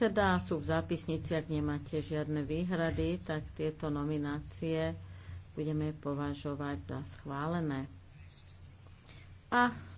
teda sú v zápisnici, ak nemáte žiadne výhrady, tak tieto nominácie budeme považovať za schválené. A